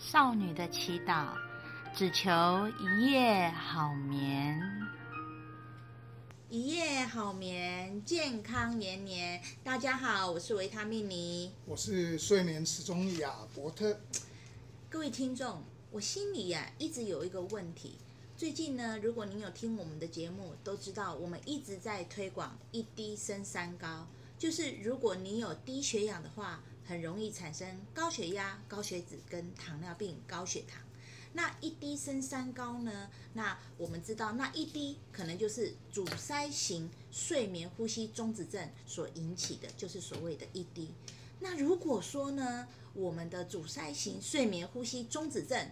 少女的祈禱，只求一夜好眠，一夜好眠，健康年年。大家好，我是維他命尼，我是睡眠時鐘亞伯特。各位聽眾，我心裡呀、啊、一直有一個問題。最近呢，如果您有聽我們的節目，都知道我們一直在推廣一滴生三高，就是如果你有低血氧的話，很容易產生高血壓、高血脂跟糖尿病、高血糖。那一低升三高呢？那我們知道，那一低可能就是阻塞型睡眠呼吸中止症所引起的，就是所謂的“一低”。那如果說呢，我們的阻塞型睡眠呼吸中止症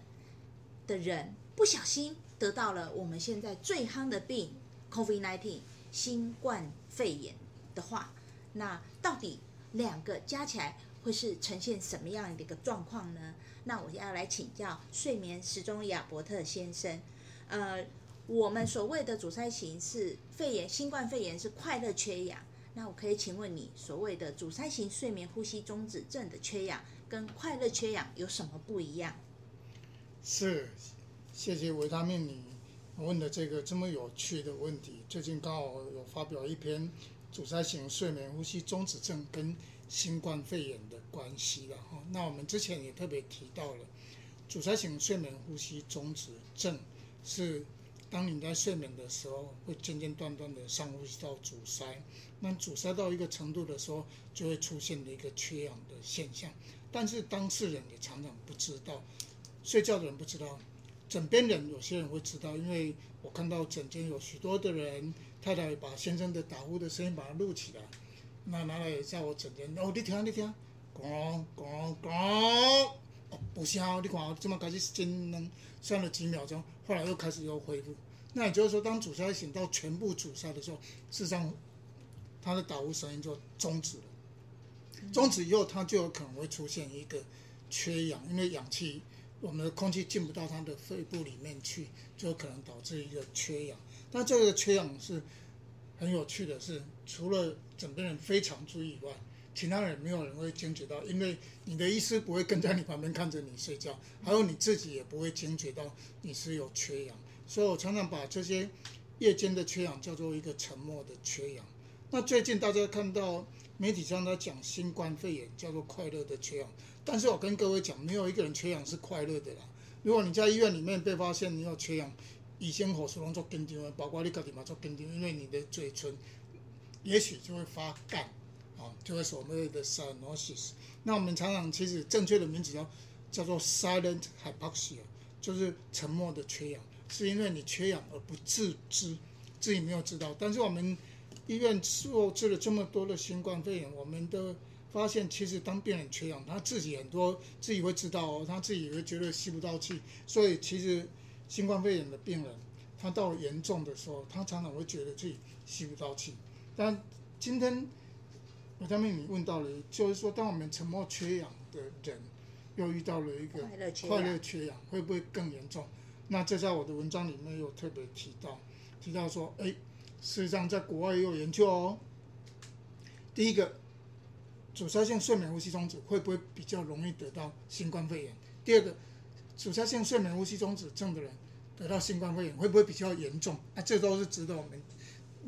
的人不小心得到了我們現在最夯的病 COVID-19 新冠肺炎的話，那到底兩個加起來，會是呈現什麼樣的一個狀況呢？那我要來請教睡眠時鐘亞伯特先生。呃，我們所謂的阻塞型是肺炎，新冠肺炎是快樂缺氧。那我可以請問你，所謂的阻塞型睡眠呼吸中止症的缺氧，跟快樂缺氧有什麼不一樣？是，謝謝維他命你問的這個這麼有趣的問題。最近剛好有發表一篇。阻塞性睡眠呼吸中止症跟新冠肺炎的關係了哈。那我們之前也特別提到了，阻塞性睡眠呼吸中止症是當你在睡眠的時候會間間斷斷的上呼吸道阻塞，那阻塞到一個程度的時候，就會出現的一個缺氧的現象。但是當事人也常常不知道，睡覺的人不知道，枕邊人有些人會知道，因為我看到枕邊有許多的人。太太把先生的打呼的聲音把它錄起來，那拿來在我枕邊。哦，你聽、啊，你聽、啊，咣咣咣，不稀罕。你講這麼開時間呢，算了幾秒鐘，後來又開始又恢復。那也就是說，當阻塞醒到全部阻塞的時候，事實上他的打呼聲音就終止了。終止以後，他就有可能會出現一個缺氧，因為氧氣我們的空氣進不到他的肺部裡面去，就有可能導致一個缺氧。那這個缺氧是很有趣的是，除了整個人非常注意以外，其他人沒有人會驚覺到，因為你的醫師不會跟在你旁邊看着你睡覺，還有你自己也不會驚覺到你是有缺氧。所以我常常把這些夜間的缺氧叫做一個沉默的缺氧。那最近大家看到媒體上在講新冠肺炎叫做快樂的缺氧，但是我跟各位講，沒有一個人缺氧是快樂的啦。如果你在醫院裡面被發現你有缺氧，以前護士攏做跟進，包括你家己嘛做跟進，因為你的嘴唇也許就會發紺，喔，就會所謂的 cyanosis。那我們常常其實正確的名字叫叫做 silent hypoxia，就是沉默的缺氧，是因為你缺氧而不自知，自己沒有知道。但是我們醫院治了這麼多的新冠肺炎，我們都發現其實當病人缺氧，他自己很多自己會知道，哦，他自己會覺得吸不到氣，所以其實。新冠肺炎的病人，他到了嚴重的時候，他常常會覺得自己吸不到氣。但今天我在命裡問到了，就是說，當我們沉默缺氧的人，又遇到了一個快樂缺氧，會不會更嚴重？那這在我的文章裡面有特別提到，提到說，哎，實際上在國外也有研究哦。第一個，阻塞性睡眠呼吸中止會不會比較容易得到新冠肺炎？第二個。阻塞性睡眠呼吸中止症的人得到新冠肺炎會不會比較嚴重？那、啊、這都是值得我們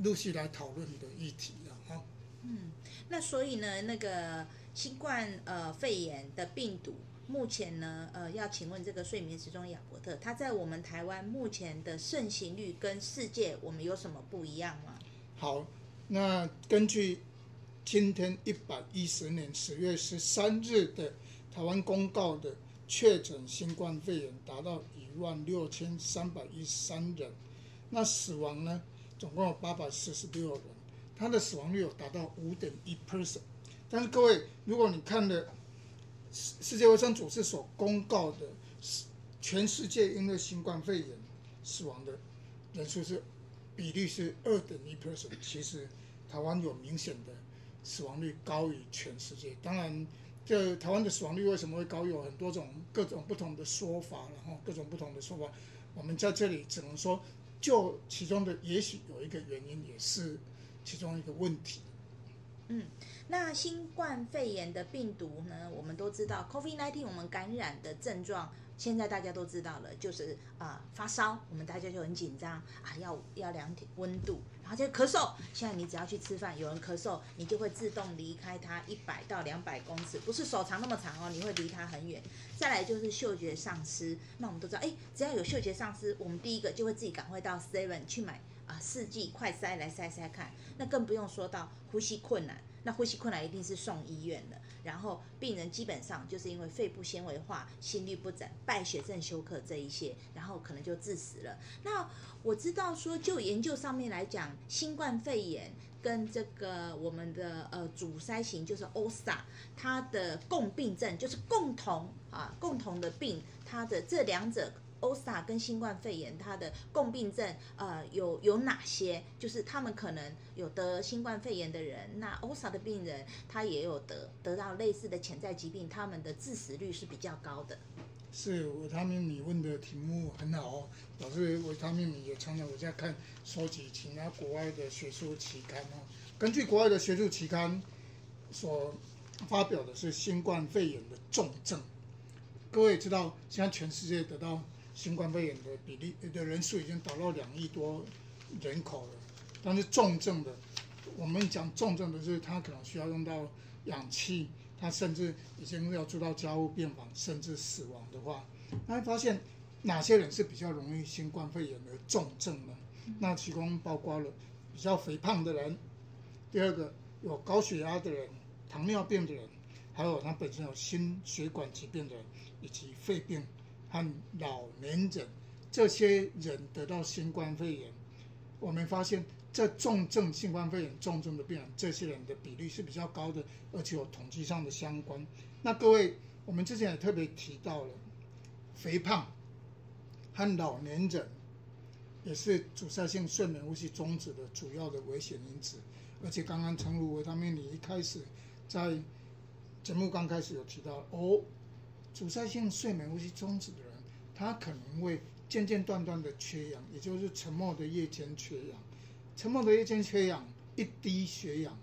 陸續來討論的議題了、啊，哈。嗯,那所以呢，那個新冠呃肺炎的病毒，目前呢，呃，要請問這個睡眠時鐘亞伯特，他在我們台灣目前的盛行率跟世界我們有什麼不一樣嗎？好，那根據今天一百一十年十月十三日的台灣公告的。確診新冠肺炎達到一萬六千三百一十三人，那死亡呢？總共有八百四十六人，他的死亡率有達到五點一 percent。但是各位，如果你看的世世界衛生組織所公告的，全世界因為新冠肺炎死亡的人數是比例是二點一 percent。其實台灣有明顯的死亡率高於全世界。當然。就台灣的死亡率為什麼會高，有很多種各種不同的說法，然後各種不同的說法，我們在這裡只能說，就其中的也許有一個原因，也是其中一個問題。嗯，那新冠肺炎的病毒呢？我們都知道 COVID-19，我們感染的症狀現在大家都知道了，就是啊、呃、發燒，我們大家就很緊張啊，要要量體溫度。他就咳嗽，現在你只要去吃飯，有人咳嗽，你就會自動離開他一百到兩百公尺，不是手長那麼長哦，你會離他很遠。再來就是嗅覺喪失，那我們都知道，哎，只要有嗅覺喪失，我們第一個就會自己趕快到 Seven 去買啊四季快篩來篩篩看。那更不用說到呼吸困難。那呼吸困難一定是送醫院的，然後病人基本上就是因為肺部纖維化、心律不整、敗血症休克這一些，然後可能就致死了。那我知道說，就研究上面來講，新冠肺炎跟這個我們的呃阻塞型就是 OSA，它的共病症就是共同啊共同的病，它的這兩者。OSA 跟新冠肺炎它的共病症，呃，有有哪些？就是他們可能有得新冠肺炎的人，那 OSA 的病人他也有得得到類似的潛在疾病，他們的致死率是比較高的。是，維他命你問的題目很好哦，表示維他命，也常常我現在看收集其他國外的學術期刊哦。根據國外的學術期刊所發表的是新冠肺炎的重症，各位知道現在全世界得到。新冠肺炎的比例的人數已經達到兩億多人口了，但是重症的，我們講重症的是他可能需要用到氧氣，他甚至已經要住到加護病房，甚至死亡的話，那會發現哪些人是比較容易新冠肺炎的重症呢？那其中包括了比較肥胖的人，第二個有高血壓的人、糖尿病的人，還有他本身有心血管疾病的人，以及肺病。和老年人，這些人得到新冠肺炎，我們發現在重症新冠肺炎重症的病人，這些人的比率是比較高的，而且有統計上的相關。那各位，我們之前也特別提到了肥胖和老年人，也是阻塞性睡眠呼吸中止的主要的危險因子。而且剛剛陳如偉他們一開始在節目剛開始有提到哦。阻塞性睡眠呼吸中止的人，他可能會間間斷斷的缺氧，也就是沉默的夜間缺氧。沉默的夜間缺氧，一低血氧，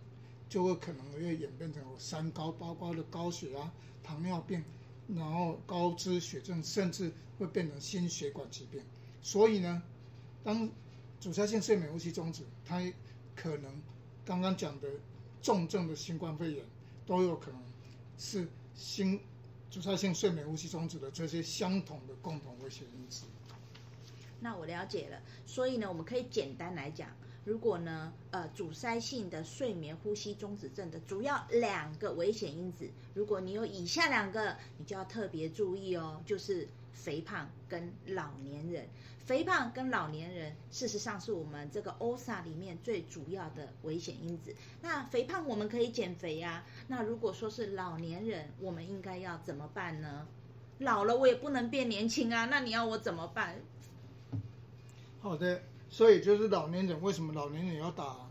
就會可能會演變成三高，包括了高血壓、啊、糖尿病，然後高脂血症，甚至會變成心血管疾病。所以呢，當阻塞性睡眠呼吸中止，他可能剛剛講的重症的新冠肺炎都有可能是新。阻塞性睡眠呼吸中止的這些相同的共同危險因子。那我了解了，所以呢，我們可以簡單來講。如果呢，呃，阻塞性的睡眠呼吸中止症的主要兩個危險因子，如果你有以下兩個，你就要特別注意哦，就是肥胖跟老年人。肥胖跟老年人，事實上是我們這個 OSA 裡面最主要的危險因子。那肥胖我們可以減肥呀，啊，那如果說是老年人，我們應該要怎麼辦呢？老了我也不能變年輕啊，那你要我怎麼辦？好的。所以就是老年人，為什麼老年人要打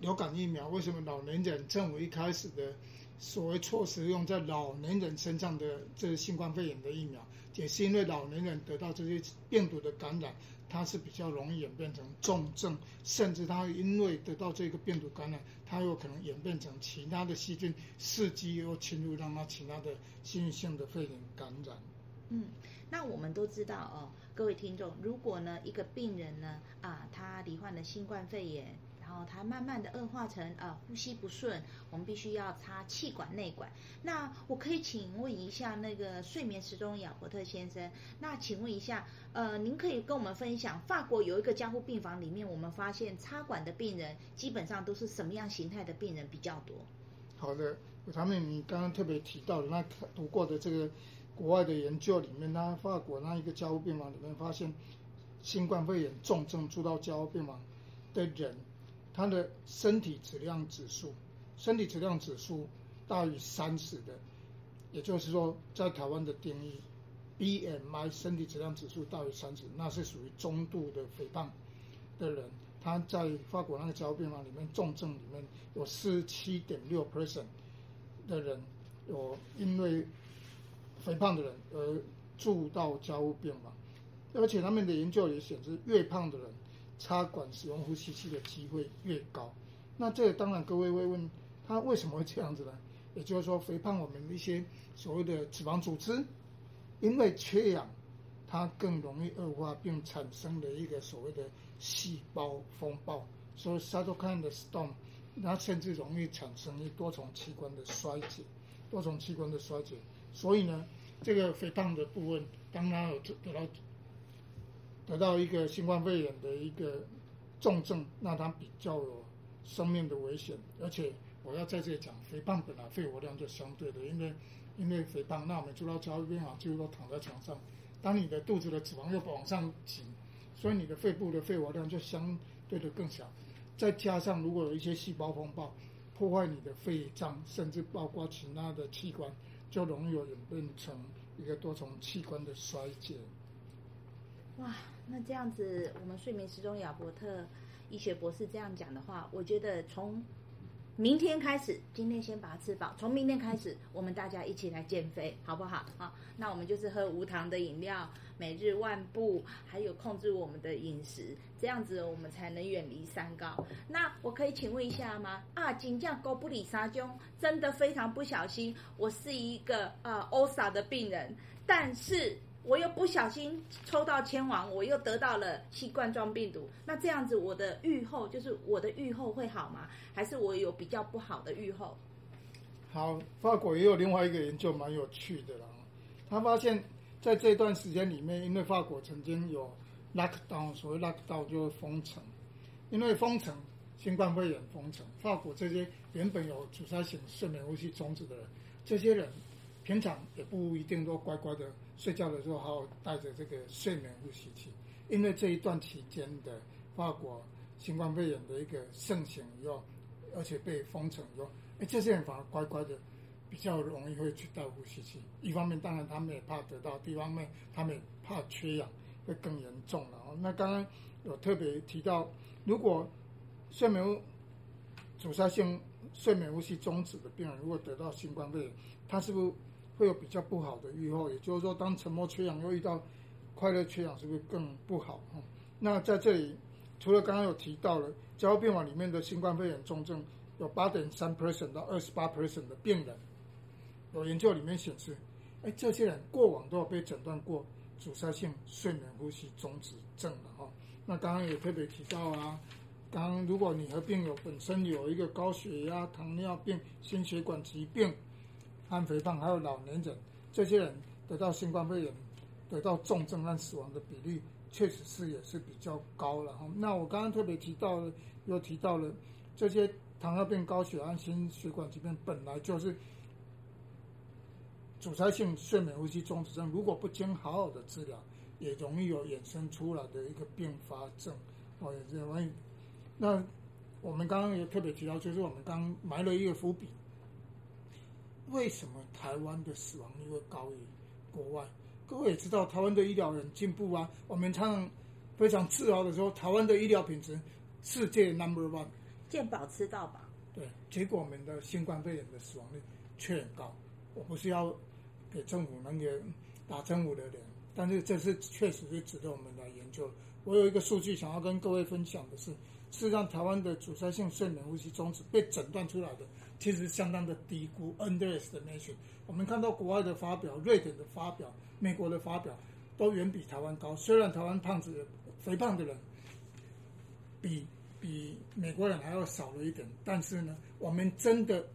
流感疫苗？為什麼老年人政府一開始的所謂措施，用在老年人身上的這些新冠肺炎的疫苗，也是因為老年人得到這些病毒的感染，他是比較容易演變成重症，甚至他因為得到這個病毒感染，他有可能演變成其他的細菌刺激又侵入，讓他其他的細菌性的肺炎感染。嗯，那我們都知道哦。各位聽眾，如果呢，一個病人呢，啊，他罹患了新冠肺炎，然後他慢慢的惡化成啊，呼吸不順，我們必須要插氣管內管。那我可以請問一下那個睡眠時鐘，亞伯特先生，那請問一下，呃，您可以跟我們分享，法國有一個加護病房裡面，我們發現插管的病人基本上都是什麼樣形態的病人比較多？好的，他們你剛剛特別提到的，那讀過的這個。國外的研究裡面，那法國那一個加護病房裡面發現，新冠肺炎重症住到加護病房的人，他的身體質量指數，身體質量指數大於三十的，也就是說，在台灣的定義，BMI 身體質量指數大於三十，那是屬於中度的肥胖的人，他在法國那個加護病房裡面重症裡面有四十七點六 percent 的人有因為。肥胖的人而住到加護病房，而且他們的研究也顯示，越胖的人插管使用呼吸器的機會越高。那這個當然各位會問，他為什麼會這樣子呢？也就是說，肥胖我們一些所謂的脂肪組織，因為缺氧，它更容易惡化並產生了一個所謂的細胞風暴，所以叫做 cytokine storm 它甚至容易產生一多重器官的衰竭，多重器官的衰竭，所以呢。這個肥胖的部分，當然有得得到得到一個新冠肺炎的一個重症，那他比較有生命的危險。而且我要在這裡講，肥胖本來肺活量就相對的，因為因為肥胖，那我們知道焦慮病啊，就是說躺在床上，當你的肚子的脂肪又往上擠，所以你的肺部的肺活量就相對的更小。再加上如果有一些細胞風暴破壞你的肺臟，甚至包括其他的器官，就容易有演變成一個多重器官的衰竭。哇，那這樣子，我們睡眠時鐘亞伯特醫學博士這樣講的話，我覺得從。明天開始，今天先把它吃飽。從明天開始，我們大家一起來減肥，好不好？好，那我們就是喝無糖的飲料，每日萬步，還有控制我們的飲食，這樣子我們才能遠離三高。那我可以請問一下嗎？啊，金將高布里沙君真的非常不小心，我是一個啊歐沙的病人，但是。我又不小心抽到籤王，我又得到了新冠狀病毒，那這樣子我的預後就是我的預後會好嗎？還是我有比較不好的預後？好，法國也有另外一個研究蠻有趣的啦。他發現在這段時間裡面，因為法國曾經有 lock down，所謂 lock down 就是封城，因為封城，新冠肺炎封城，法國這些原本有阻塞性睡眠呼吸中止的人，這些人。平常也不一定都乖乖的睡覺的時候，好好帶着這個睡眠呼吸器，因為這一段期間的法國新冠肺炎的一個盛行以後，又而且被封城以後，又哎這些人反而乖乖的，比較容易會去戴呼吸器。一方面，當然他們也怕得到，另一方面，他們也怕缺氧會更嚴重了。哦，那剛剛有特別提到，如果睡眠阻塞性睡眠呼吸中止的病人，如果得到新冠肺炎，他是不是？會有比較不好的預後，也就是說，當沉默缺氧又遇到快樂缺氧，是不是更不好？那在這裡，除了剛剛有提到的，加護病房裡面的新冠肺炎重症有八點三 percent 到二十八 percent 的病人，有研究裡面顯示，哎，這些人過往都有被診斷過阻塞性睡眠呼吸中止症的哈。那剛剛也特別提到啊，剛，剛如果你和病友本身有一個高血壓、糖尿病、心血管疾病。和肥胖、還有老年人，這些人得到新冠肺炎、得到重症和死亡的比例，確實是也是比較高了。那我剛剛特別提到了，又提到了這些糖尿病、高血壓、心血管疾病，本來就是阻塞性睡眠呼吸中止症，如果不經好好的治療，也容易有衍生出來的一個併發症哦，也生出，那我們剛剛也特別提到，就是我們剛埋了一個伏筆為什麼台灣的死亡率會高於國外？各位也知道，台灣的醫療很進步啊。我們常常非常自豪的說，台灣的醫療品質世界 Number One，健保吃到飽。對，結果我們的新冠肺炎的死亡率卻很高。我不是要給政府能給打政府的臉，但是這是確實是值得我們來研究。我有一個數據想要跟各位分享的是。事實上，台灣的阻塞性睡眠呼吸中止被診斷出來的，其實相當的低估 （underestimation）。我們看到國外的發表、瑞典的發表、美國的發表，都遠比台灣高。雖然台灣胖子、肥胖的人比比美國人還要少了一點，但是呢，我們真的的、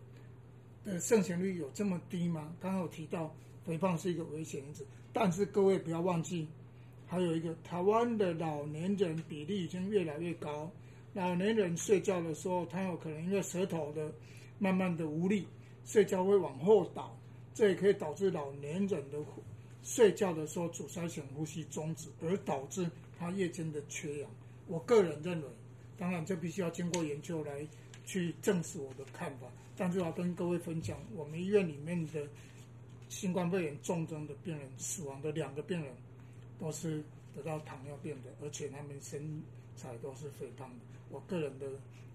呃、盛行率有這麼低嗎？剛剛有提到肥胖是一個危險因子，但是各位不要忘記，還有一個台灣的老年人比例已經越來越高。老年人睡覺的時候，他有可能因為舌頭的慢慢的無力，睡覺會往後倒，這也可以導致老年人的睡覺的時候阻塞性呼吸中止，而導致他夜間的缺氧。我個人認為，當然這必須要經過研究來去證實我的看法。但是我要跟各位分享，我們醫院裡面的新冠肺炎重症的病人死亡的兩個病人，都是得到糖尿病的，而且他們身材都是肥胖的。我個人的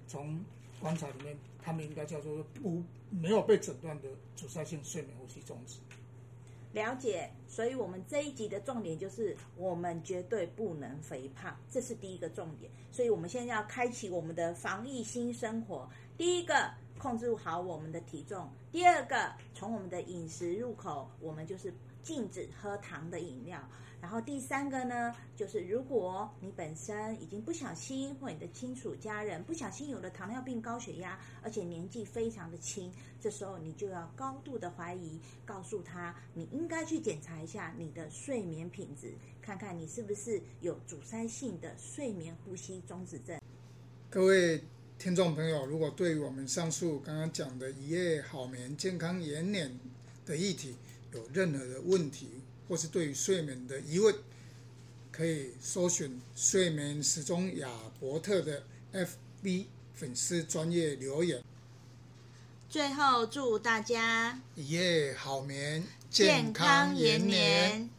從觀察裡面，他們應該叫做不沒有被診斷的阻塞性睡眠呼吸中止。了解，所以我們這一集的重點就是，我們絕對不能肥胖，這是第一個重點。所以我們現在要開啟我們的防疫新生活，第一個控制好我們的體重，第二個從我們的飲食入口，我們就是禁止喝糖的飲料。然後第三個呢，就是如果你本身已經不小心，或你的親屬家人不小心有了糖尿病、高血壓，而且年紀非常的輕，這時候你就要高度的懷疑，告訴他你應該去檢查一下你的睡眠品質，看看你是不是有阻塞性的睡眠呼吸中止症。各位聽眾朋友，如果對於我們上述剛剛講的“一夜好眠、健康延年”的議題有任何的問題，或是對於睡眠的疑問，可以搜尋“睡眠時鐘亞伯特”的 FB 粉絲專業留言。最後，祝大家一夜、yeah, 好眠，健康延年。